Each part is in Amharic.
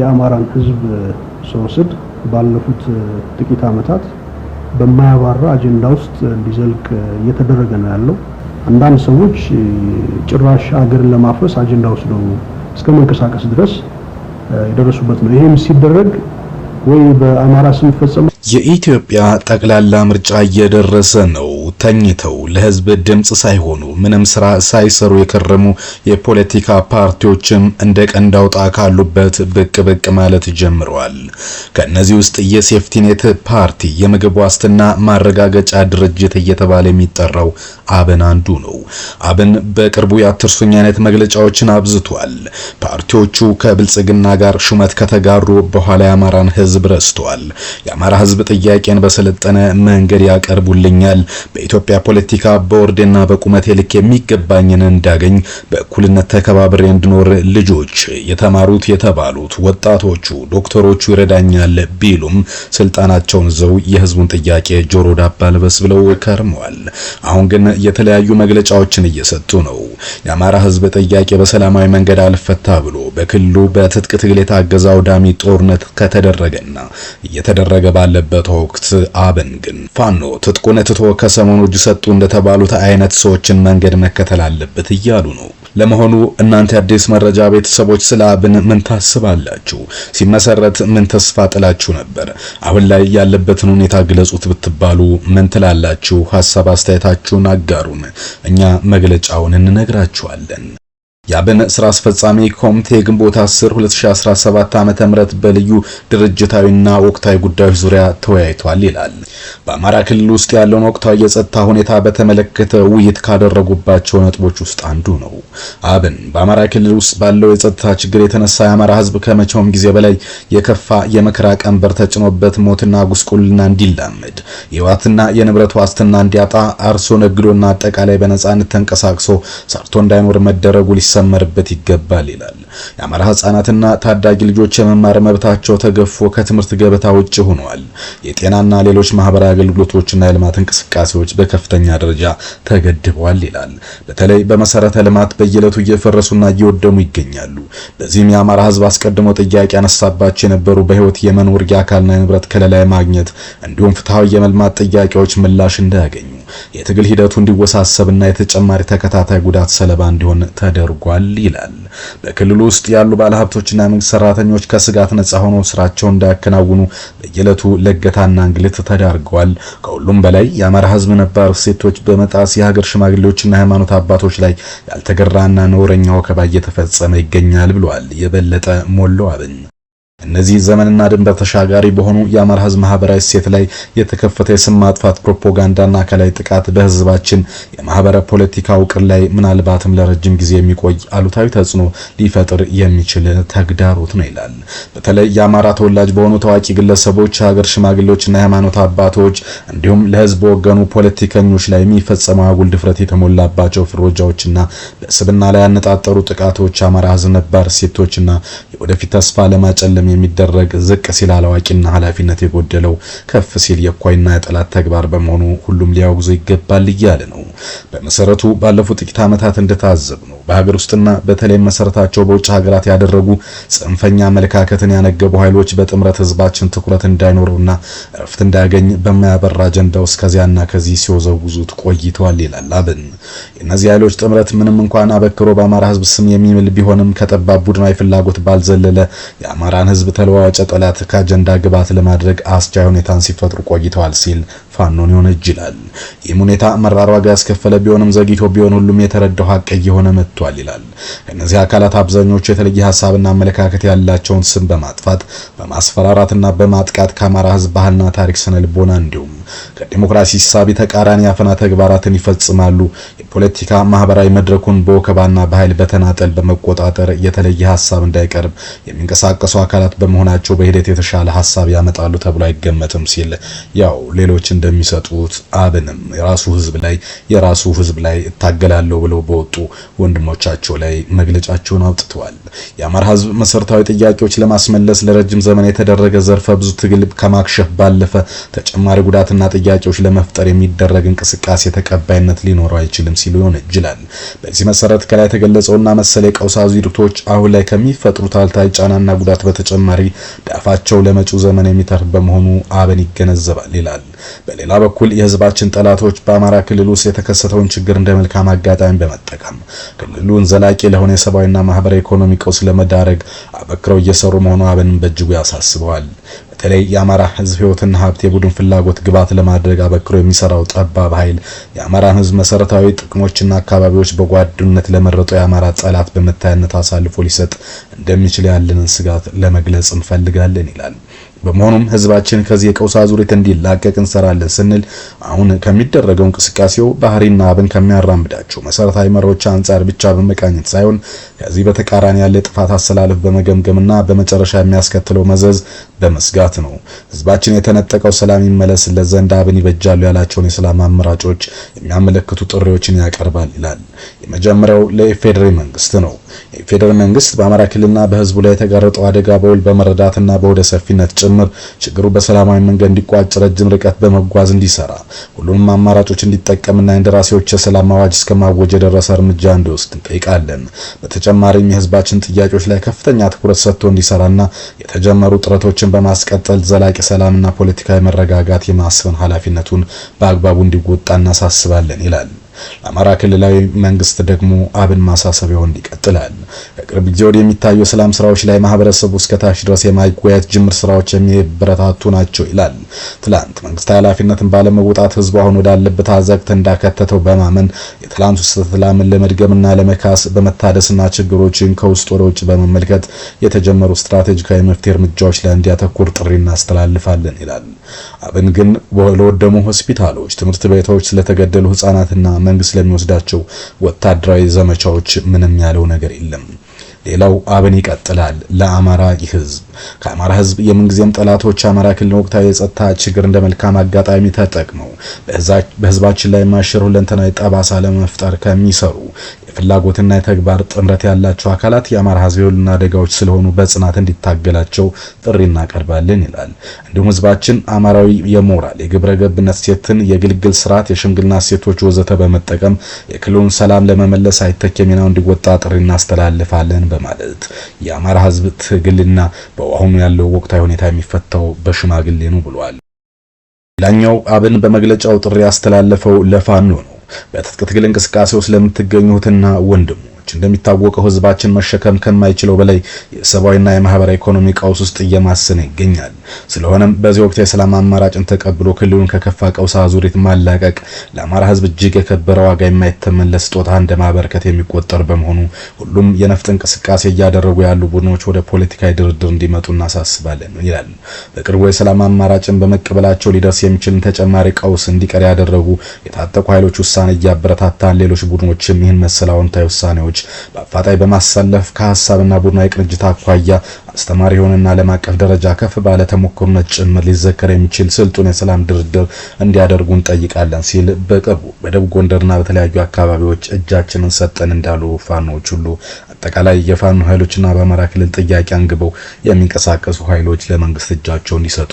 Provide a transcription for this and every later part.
የአማራን ህዝብ ስወስድ ባለፉት ጥቂት ዓመታት በማያባራ አጀንዳ ውስጥ እንዲዘልቅ እየተደረገ ነው ያለው። አንዳንድ ሰዎች ጭራሽ ሀገርን ለማፍረስ አጀንዳ ነው እስከ መንቀሳቀስ ድረስ የደረሱበት ነው። ይህም ሲደረግ ወይ በአማራ ስም ፈጸመ። የኢትዮጵያ ጠቅላላ ምርጫ እየደረሰ ነው። ተኝተው ለህዝብ ድምፅ ሳይሆኑ ምንም ስራ ሳይሰሩ የከረሙ የፖለቲካ ፓርቲዎችም እንደ ቀንድ አውጣ ካሉበት ብቅ ብቅ ማለት ጀምረዋል። ከእነዚህ ውስጥ የሴፍቲኔት ፓርቲ የምግብ ዋስትና ማረጋገጫ ድርጅት እየተባለ የሚጠራው አብን አንዱ ነው። አብን በቅርቡ የአትርሱኝ አይነት መግለጫዎችን አብዝቷል። ፓርቲዎቹ ከብልጽግና ጋር ሹመት ከተጋሩ በኋላ የአማራን ህዝብ ረስተዋል። የአማራ ህዝብ ጥያቄን በሰለጠነ መንገድ ያቀርቡልኛል በኢትዮጵያ ፖለቲካ በወርዴና በቁመቴ ልክ የሚገባኝን እንዳገኝ በእኩልነት ተከባብሬ እንድኖር ልጆች፣ የተማሩት የተባሉት፣ ወጣቶቹ፣ ዶክተሮቹ ይረዳኛል ቢሉም ስልጣናቸውን ዘው የህዝቡን ጥያቄ ጆሮ ዳባ ልበስ ብለው ከርመዋል። አሁን ግን የተለያዩ መግለጫዎችን እየሰጡ ነው። የአማራ ህዝብ ጥያቄ በሰላማዊ መንገድ አልፈታ ብሎ በክልሉ በትጥቅ ትግል የታገዘ አውዳሚ ጦርነት ከተደረገና እየተደረገ ባለበት ወቅት አብን ግን ፋኖ ትጥቁን ትቶ ከሰሞኑ ሰለሞኖች ሰጡ እንደተባሉት አይነት ሰዎችን መንገድ መከተል አለበት እያሉ ነው። ለመሆኑ እናንተ አዲስ መረጃ ቤተሰቦች ስለ አብን ምን ታስባላችሁ? ሲመሰረት ምን ተስፋ ጥላችሁ ነበር? አሁን ላይ ያለበትን ሁኔታ ግለጹት ብትባሉ ምን ትላላችሁ? ሀሳብ አስተያየታችሁን አጋሩን። እኛ መግለጫውን እንነግራችኋለን። የአብን ስራ አስፈጻሚ ኮሚቴ ግንቦት 10 2017 ዓ.ም በልዩ ድርጅታዊና ወቅታዊ ጉዳዮች ዙሪያ ተወያይቷል ይላል። በአማራ ክልል ውስጥ ያለውን ወቅታዊ የጸጥታ ሁኔታ በተመለከተ ውይይት ካደረጉባቸው ነጥቦች ውስጥ አንዱ ነው። አብን በአማራ ክልል ውስጥ ባለው የጸጥታ ችግር የተነሳ የአማራ ሕዝብ ከመቼውም ጊዜ በላይ የከፋ የመከራ ቀንበር ተጭኖበት ሞትና ጉስቁልና እንዲላመድ የዋትና የንብረት ዋስትና እንዲያጣ አርሶ ነግዶና አጠቃላይ በነጻነት ተንቀሳቅሶ ሰርቶ እንዳይኖር መደረጉ ሊሰመርበት ይገባል ይላል። የአማራ ህጻናትና ታዳጊ ልጆች የመማር መብታቸው ተገፎ ከትምህርት ገበታ ውጭ ሆነዋል። የጤናና ሌሎች ማህበራዊ አገልግሎቶችና የልማት እንቅስቃሴዎች በከፍተኛ ደረጃ ተገድበዋል ይላል። በተለይ በመሰረተ ልማት በየዕለቱ እየፈረሱና እየወደሙ ይገኛሉ። በዚህም የአማራ ህዝብ አስቀድሞ ጥያቄ ያነሳባቸው የነበሩ በህይወት የመኖር የአካልና የንብረት ከለላ ማግኘት እንዲሁም ፍትሐዊ የመልማት ጥያቄዎች ምላሽ እንዳያገኙ የትግል ሂደቱ እንዲወሳሰብና የተጨማሪ ተከታታይ ጉዳት ሰለባ እንዲሆን ተደርጓል ይላል። በክልሉ ውስጥ ያሉ ባለሀብቶችና መንግስት ሰራተኞች ከስጋት ነጻ ሆነው ስራቸውን እንዳያከናውኑ በየዕለቱ ለገታና እንግልት ተዳርገዋል። ከሁሉም በላይ የአማራ ህዝብ ነባር እሴቶች በመጣስ የሀገር ሽማግሌዎችና ሃይማኖት አባቶች ላይ ያልተገራና ነውረኛ ወከባ እየተፈጸመ ይገኛል ብለዋል። የበለጠ ሞሎ አብን እነዚህ ዘመንና ድንበር ተሻጋሪ በሆኑ የአማራ ህዝብ ማህበራዊ እሴት ላይ የተከፈተ የስም ማጥፋት ፕሮፓጋንዳና ከላይ ጥቃት በህዝባችን የማህበረ ፖለቲካ ውቅር ላይ ምናልባትም ለረጅም ጊዜ የሚቆይ አሉታዊ ተጽዕኖ ሊፈጥር የሚችል ተግዳሮት ነው ይላል። በተለይ የአማራ ተወላጅ በሆኑ ታዋቂ ግለሰቦች፣ ሀገር ሽማግሌዎችና የሃይማኖት አባቶች እንዲሁም ለህዝብ ወገኑ ፖለቲከኞች ላይ የሚፈጸመው አጉል ድፍረት የተሞላባቸው ፍሮጃዎችና በስብና ላይ ያነጣጠሩ ጥቃቶች አማራ ህዝብ ነባር እሴቶችና የወደፊት ተስፋ ለማጨለም የሚደረግ ዝቅ ሲል አላዋቂና ኃላፊነት የጎደለው ከፍ ሲል የኳይና የጠላት ተግባር በመሆኑ ሁሉም ሊያወግዙ ይገባል እያለ ነው። በመሰረቱ ባለፉት ጥቂት ዓመታት እንደታዘብ ነው በሀገር ውስጥና በተለይም መሰረታቸው በውጭ ሀገራት ያደረጉ ጽንፈኛ አመለካከትን ያነገቡ ኃይሎች በጥምረት ህዝባችን ትኩረት እንዳይኖረውና እረፍት እንዳያገኝ በማያበራ አጀንዳ ውስጥ ከዚያና ከዚህ ሲወዘውዙት ቆይተዋል ይላል አብን። የእነዚህ ኃይሎች ጥምረት ምንም እንኳን አበክሮ በአማራ ህዝብ ስም የሚምል ቢሆንም ከጠባብ ቡድናዊ ፍላጎት ባልዘለለ የአማራን ህዝብ ህዝብ ተለዋዋጭ ጠላት ከአጀንዳ ግብዓት ለማድረግ አስቻይ ሁኔታን ሲፈጥሩ ቆይተዋል ሲል ፋኖን ይወነጅላል። ይህም ሁኔታ መራር ዋጋ ያስከፈለ ቢሆንም ዘግይቶ ቢሆን ሁሉም የተረዳው ሀቅ እየሆነ መጥቷል ይላል። እነዚህ አካላት አብዛኞቹ የተለየ ሀሳብና አመለካከት ያላቸውን ስም በማጥፋት በማስፈራራትና በማጥቃት ከአማራ ህዝብ ባህልና ታሪክ ስነ ልቦና እንዲሁም ከዲሞክራሲ ሳቢ ተቃራኒ አፈና ተግባራትን ይፈጽማሉ። የፖለቲካ ማህበራዊ መድረኩን በወከባና በኃይል በተናጠል በመቆጣጠር የተለየ ሀሳብ እንዳይቀርብ የሚንቀሳቀሱ አካላት በመሆናቸው በሂደት የተሻለ ሀሳብ ያመጣሉ ተብሎ አይገመትም ሲል ያው ሌሎች እንደሚሰጡት አብንም የራሱ ህዝብ ላይ የራሱ ህዝብ ላይ እታገላለሁ ብለው በወጡ ወንድሞቻቸው ላይ መግለጫቸውን አውጥተዋል። የአማራ ህዝብ መሰረታዊ ጥያቄዎች ለማስመለስ ለረጅም ዘመን የተደረገ ዘርፈ ብዙ ትግል ከማክሸፍ ባለፈ ተጨማሪ ጉዳትን ዋስትና ጥያቄዎች ለመፍጠር የሚደረግ እንቅስቃሴ ተቀባይነት ሊኖረው አይችልም ሲሉ ይወነጅላል። በዚህ መሰረት ከላይ የተገለጸውና መሰለ የቀውስ አዙሪቶች አሁን ላይ ከሚፈጥሩት አሉታዊ ጫናና ጉዳት በተጨማሪ ዳፋቸው ለመጪው ዘመን የሚተርፍ በመሆኑ አብን ይገነዘባል ይላል። በሌላ በኩል የህዝባችን ጠላቶች በአማራ ክልል ውስጥ የተከሰተውን ችግር እንደ መልካም አጋጣሚ በመጠቀም ክልሉን ዘላቂ ለሆነ የሰብአዊና ማህበራዊ ኢኮኖሚ ቀውስ ለመዳረግ አበክረው እየሰሩ መሆኑ አብንን በእጅጉ ያሳስበዋል። በተለይ የአማራ ህዝብ ህይወትና ሀብት የቡድን ፍላጎት ግብዓት ለማድረግ አበክሮ የሚሰራው ጠባብ ኃይል የአማራን ህዝብ መሰረታዊ ጥቅሞችና አካባቢዎች በጓድነት ለመረጠው የአማራ ጠላት በመታያነት አሳልፎ ሊሰጥ እንደሚችል ያለንን ስጋት ለመግለጽ እንፈልጋለን ይላል። በመሆኑም ህዝባችን ከዚህ የቀውስ አዙሪት እንዲላቀቅ እንሰራለን ስንል አሁን ከሚደረገው እንቅስቃሴው ባህሪና አብን ከሚያራምዳቸው መሰረታዊ መሪዎች አንጻር ብቻ በመቃኘት ሳይሆን ከዚህ በተቃራኒ ያለ ጥፋት አሰላለፍ በመገምገምና በመጨረሻ የሚያስከትለው መዘዝ በመስጋት ነው። ህዝባችን የተነጠቀው ሰላም ይመለስለት ዘንድ አብን ይበጃሉ ያላቸውን የሰላም አማራጮች የሚያመለክቱ ጥሪዎችን ያቀርባል ይላል። የመጀመሪያው ለኢፌዴሪ መንግስት ነው። የፌዴራል መንግስት በአማራ ክልልና በህዝቡ ላይ የተጋረጠው አደጋ በውል በመረዳትና በወደ ሰፊነት ጭምር ችግሩ በሰላማዊ መንገድ እንዲቋጭ ረጅም ርቀት በመጓዝ እንዲሰራ ሁሉንም አማራጮች እንዲጠቀምና እንደራሴዎች የሰላም አዋጅ እስከ ማወጅ የደረሰ እርምጃ እንዲወስድ እንጠይቃለን። በተጨማሪም የህዝባችን ጥያቄዎች ላይ ከፍተኛ ትኩረት ሰጥቶ እንዲሰራና የተጀመሩ ጥረቶችን በማስቀጠል ዘላቂ ሰላምና ፖለቲካዊ መረጋጋት የማስፈን ኃላፊነቱን በአግባቡ እንዲወጣ እናሳስባለን ይላል። ለአማራ ክልላዊ መንግስት ደግሞ አብን ማሳሰቢያውን ይቀጥላል። ከቅርብ ጊዜ ወዲህ የሚታዩ የሰላም ስራዎች ላይ ማህበረሰቡ እስከታች ድረስ የማጓየት ጅምር ስራዎች የሚበረታቱ ናቸው ይላል። ትላንት መንግስታዊ ኃላፊነትን ባለመውጣት ህዝቡ አሁን ወዳለበት አዘቅት እንዳከተተው በማመን የትላንቱ ሰላምን ለመድገምና ለመካስ በመታደስና ችግሮችን ከውስጥ ወደ ውጭ በመመልከት የተጀመሩ ስትራቴጂካዊ መፍትሄ እርምጃዎች ላይ እንዲያተኩር ጥሪ እናስተላልፋለን ይላል። አብን ግን ለወደሙ ሆስፒታሎች፣ ትምህርት ቤቶች፣ ስለተገደሉ ህጻናትና መንግስት ለሚወስዳቸው ወታደራዊ ዘመቻዎች ምንም ያለው ነገር የለም። ሌላው አብን ይቀጥላል ለአማራ ህዝብ። ከአማራ ህዝብ የምንጊዜም ጠላቶች አማራ ክልል ወቅታዊ የጸጥታ ችግር እንደ መልካም አጋጣሚ ተጠቅመው በህዝባችን ላይ ማሽር ሁለንተናዊ ጠባሳ ለመፍጠር ከሚሰሩ የፍላጎትና የተግባር ጥምረት ያላቸው አካላት የአማራ ህዝብ የሁሉና አደጋዎች ስለሆኑ በጽናት እንዲታገላቸው ጥሪ እናቀርባለን ይላል። እንዲሁም ህዝባችን አማራዊ የሞራል የግብረ ገብነት ሴትን፣ የግልግል ስርዓት፣ የሽምግልና ሴቶች ወዘተ በመጠቀም የክልሉን ሰላም ለመመለስ አይተክ ሚናውን እንዲወጣ ጥሪ እናስተላልፋለን በማለት የአማራ ህዝብ ትግልና በአሁኑ ያለው ወቅታዊ ሁኔታ የሚፈታው በሽማግሌ ነው ብሏል። ሌላኛው አብን በመግለጫው ጥሪ ያስተላለፈው ለፋኖ ነው። በትጥቅ ትግል እንቅስቃሴ ውስጥ ለምትገኙትና ወንድሞች እንደሚታወቀው ህዝባችን መሸከም ከማይችለው በላይ የሰብአዊና የማህበራዊ ኢኮኖሚ ቀውስ ውስጥ እየማሰነ ይገኛል። ስለሆነም በዚህ ወቅት የሰላም አማራጭን ተቀብሎ ክልሉን ከከፋ ቀውስ አዙሪት ማላቀቅ ለአማራ ህዝብ እጅግ የከበረ ዋጋ የማይተመለስ ስጦታ እንደ ማበረከት የሚቆጠር በመሆኑ ሁሉም የነፍጥ እንቅስቃሴ እያደረጉ ያሉ ቡድኖች ወደ ፖለቲካዊ ድርድር እንዲመጡ እናሳስባለን ይላል። በቅርቡ የሰላም አማራጭን በመቀበላቸው ሊደርስ የሚችልን ተጨማሪ ቀውስ እንዲቀር ያደረጉ የታጠቁ ኃይሎች ውሳኔ እያበረታታን ሌሎች ቡድኖችም ይህን መሰል አዎንታዊ ውሳኔዎች በአፋጣኝ በማሰለፍ ከሀሳብና ቡድናዊ ቅንጅት አኳያ አስተማሪ የሆነና ዓለም አቀፍ ደረጃ ከፍ ባለ ተሞክሮነት ጭምር ሊዘከር የሚችል ስልጡን የሰላም ድርድር እንዲያደርጉ እንጠይቃለን ሲል በቅርቡ በደቡብ ጎንደርና በተለያዩ አካባቢዎች እጃችንን ሰጠን እንዳሉ ፋኖዎች ሁሉ አጠቃላይ የፋኖ ኃይሎችና በአማራ ክልል ጥያቄ አንግበው የሚንቀሳቀሱ ኃይሎች ለመንግስት እጃቸው እንዲሰጡ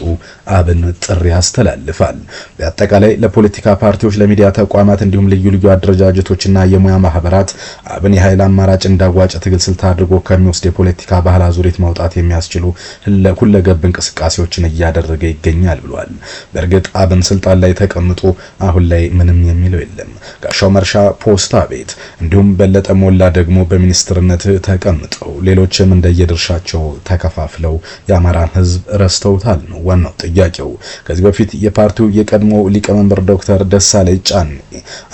አብን ጥሪ ያስተላልፋል። በአጠቃላይ ለፖለቲካ ፓርቲዎች፣ ለሚዲያ ተቋማት እንዲሁም ልዩ ልዩ አደረጃጀቶችና የሙያ ማህበራት አብን የኃይል አማራጭ እንዳዋጭ ትግል ስልት አድርጎ ከሚወስድ የፖለቲካ ባህል አዙሪት ማውጣት ለማምጣት የሚያስችሉ ለሁለገብ እንቅስቃሴዎችን እያደረገ ይገኛል ብሏል። በእርግጥ አብን ስልጣን ላይ ተቀምጦ አሁን ላይ ምንም የሚለው የለም። ጋሻው መርሻ ፖስታ ቤት፣ እንዲሁም በለጠ ሞላ ደግሞ በሚኒስትርነት ተቀምጠው ሌሎችም እንደየድርሻቸው ተከፋፍለው የአማራን ህዝብ ረስተውታል ነው ዋናው ጥያቄው። ከዚህ በፊት የፓርቲው የቀድሞ ሊቀመንበር ዶክተር ደሳለኝ ጫኔ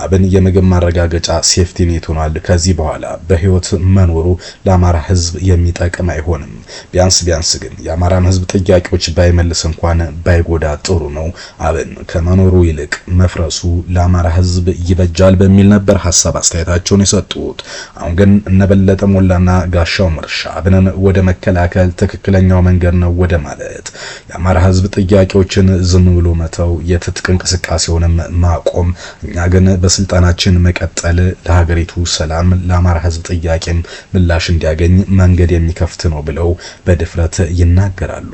አብን የምግብ ማረጋገጫ ሴፍቲ ኔት ሆኗል፣ ከዚህ በኋላ በህይወት መኖሩ ለአማራ ህዝብ የሚጠቅም አይሆንም ቢያንስ ቢያንስ ግን የአማራን ህዝብ ጥያቄዎች ባይመልስ እንኳን ባይጎዳ ጥሩ ነው። አብን ከመኖሩ ይልቅ መፍረሱ ለአማራ ህዝብ ይበጃል በሚል ነበር ሀሳብ አስተያየታቸውን የሰጡት። አሁን ግን እነበለጠ ሞላና ጋሻው መርሻ አብንን ወደ መከላከል ትክክለኛው መንገድ ነው ወደ ማለት የአማራ ህዝብ ጥያቄዎችን ዝም ብሎ መተው፣ የትጥቅ እንቅስቃሴውንም ማቆም፣ እኛ ግን በስልጣናችን መቀጠል ለሀገሪቱ ሰላም፣ ለአማራ ህዝብ ጥያቄም ምላሽ እንዲያገኝ መንገድ የሚከፍት ነው ብለው በድፍረት ይናገራሉ።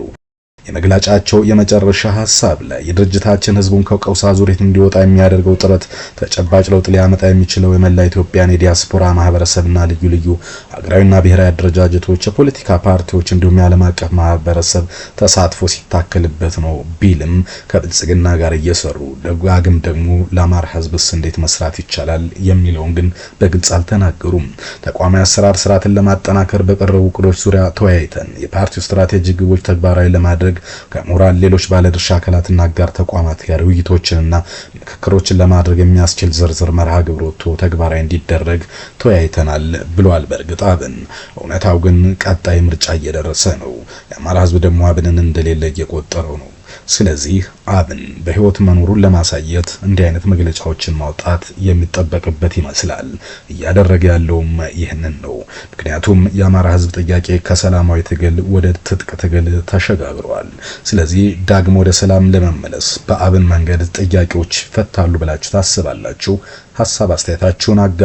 የመግለጫቸው የመጨረሻ ሀሳብ ላይ የድርጅታችን ህዝቡን ከቀውስ አዙሪት እንዲወጣ የሚያደርገው ጥረት ተጨባጭ ለውጥ ሊያመጣ የሚችለው የመላ ኢትዮጵያን የዲያስፖራ ማህበረሰብና ልዩ ልዩ ሀገራዊና ብሔራዊ አደረጃጀቶች፣ የፖለቲካ ፓርቲዎች እንዲሁም የዓለም አቀፍ ማህበረሰብ ተሳትፎ ሲታከልበት ነው ቢልም ከብልጽግና ጋር እየሰሩ ደጋግም ደግሞ ለአማራ ህዝብስ እንዴት መስራት ይቻላል የሚለውን ግን በግልጽ አልተናገሩም። ተቋማዊ አሰራር ስርዓትን ለማጠናከር በቀረቡ እቅዶች ዙሪያ ተወያይተን የፓርቲው ስትራቴጂ ግቦች ተግባራዊ ለማድረግ ከሞራል ሌሎች ባለድርሻ አካላትና አጋር ተቋማት ጋር ውይይቶችንና ምክክሮችን ለማድረግ የሚያስችል ዝርዝር መርሃ ግብር ወጥቶ ተግባራዊ እንዲደረግ ተወያይተናል ብሏል። በእርግጥ አብን እውነታው ግን ቀጣይ ምርጫ እየደረሰ ነው። የአማራ ህዝብ ደግሞ አብንን እንደሌለ እየቆጠረው ነው። ስለዚህ አብን በህይወት መኖሩን ለማሳየት እንዲህ አይነት መግለጫዎችን ማውጣት የሚጠበቅበት ይመስላል። እያደረገ ያለውም ይህንን ነው። ምክንያቱም የአማራ ህዝብ ጥያቄ ከሰላማዊ ትግል ወደ ትጥቅ ትግል ተሸጋግሯል። ስለዚህ ዳግም ወደ ሰላም ለመመለስ በአብን መንገድ ጥያቄዎች ይፈታሉ ብላችሁ ታስባላችሁ? ሀሳብ አስተያየታችሁን አጋ